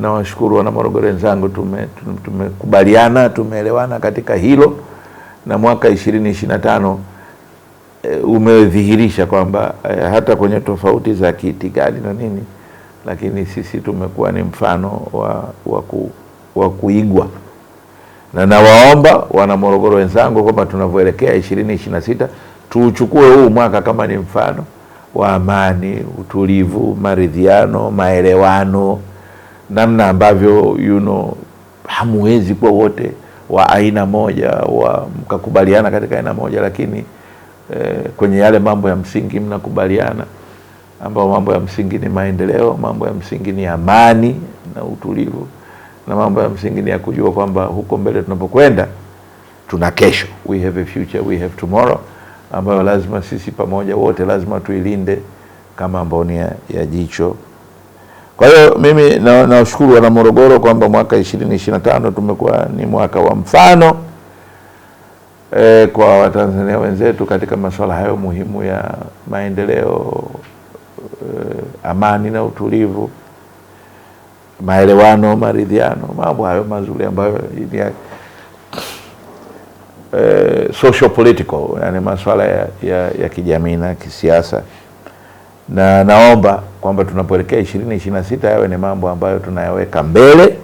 Nawashukuru wana Morogoro wenzangu, tumekubaliana tume tumeelewana katika hilo, na mwaka 2025 e, eh, umedhihirisha kwamba e, hata kwenye tofauti za kiitikadi na nini, lakini sisi tumekuwa ni mfano wa, wa, ku, wa kuigwa, na nawaomba wana Morogoro wenzangu kwamba tunavyoelekea sita tuuchukue huu mwaka kama ni mfano wa amani, utulivu, maridhiano, maelewano namna ambavyo you know, hamuwezi kuwa wote wa aina moja wa mkakubaliana katika aina moja, lakini eh, kwenye yale mambo ya msingi mnakubaliana, ambayo mambo ya msingi ni maendeleo, mambo ya msingi ni amani na utulivu, na mambo ya msingi ni ya kujua kwamba huko mbele tunapokwenda tuna kesho, we have a future, we have tomorrow, ambayo lazima sisi pamoja wote lazima tuilinde kama ambao ni ya, ya jicho kwa hiyo mimi nawashukuru na wana Morogoro kwamba mwaka 2025 tumekuwa ni mwaka wa mfano e, kwa Watanzania wenzetu katika masuala hayo muhimu ya maendeleo e, amani na utulivu, maelewano, maridhiano, mambo hayo mazuri ambayo ni ya e, social political, yani masuala ya, ya, ya kijamii na kisiasa, na naomba kwamba tunapoelekea ishirini ishirini na sita yawe ni mambo ambayo tunayaweka mbele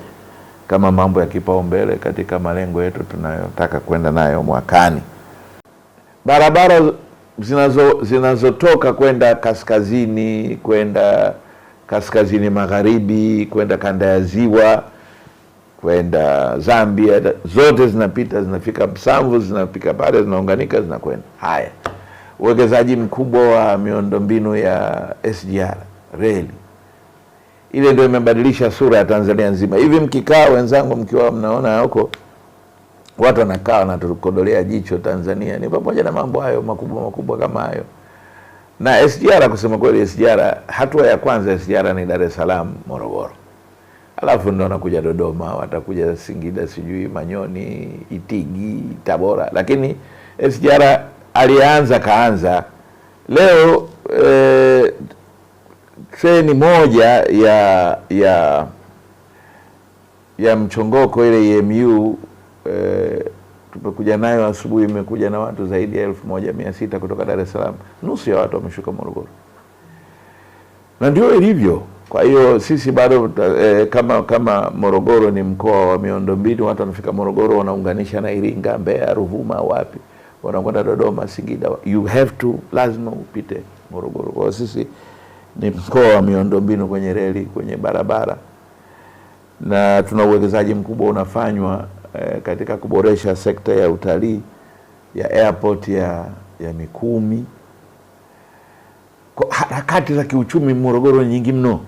kama mambo ya kipaumbele katika malengo yetu tunayotaka kwenda nayo mwakani. Barabara zinazo zinazotoka kwenda kaskazini kwenda kaskazini magharibi kwenda kanda ya ziwa kwenda Zambia, zote zinapita zinafika Msamvu, zinafika pale, zinaunganika, zinakwenda. Haya, uwekezaji mkubwa wa miundombinu ya SGR reli. Ile ndio imebadilisha sura ya Tanzania nzima. Hivi mkikaa wenzangu, mkiwa mnaona huko watu wanakaa wanatukodolea jicho Tanzania, ni pamoja na mambo hayo makubwa makubwa kama hayo. Na SGR kusema kweli, SGR hatua ya kwanza SGR ni Dar es Salaam, Morogoro, alafu ndo wanakuja Dodoma, watakuja Singida, sijui Manyoni, Itigi, Tabora, lakini SGR alianza kaanza leo eh, ni moja ya ya ya mchongoko ile EMU eh, tumekuja nayo asubuhi, imekuja na watu zaidi ya elfu moja mia sita kutoka Dar es Salaam, nusu ya watu wameshuka Morogoro, na ndio ilivyo. Kwa hiyo sisi bado e, kama kama Morogoro ni mkoa wa miundombinu, watu wanafika Morogoro wanaunganisha na Iringa, Mbeya, Ruvuma, wapi wanakwenda Dodoma, Singida, you have to lazima upite Morogoro. Kwa hiyo sisi ni mkoa wa miundombinu kwenye reli, kwenye barabara, na tuna uwekezaji mkubwa unafanywa eh, katika kuboresha sekta ya utalii ya airport ya, ya Mikumi. Harakati za kiuchumi Morogoro nyingi mno.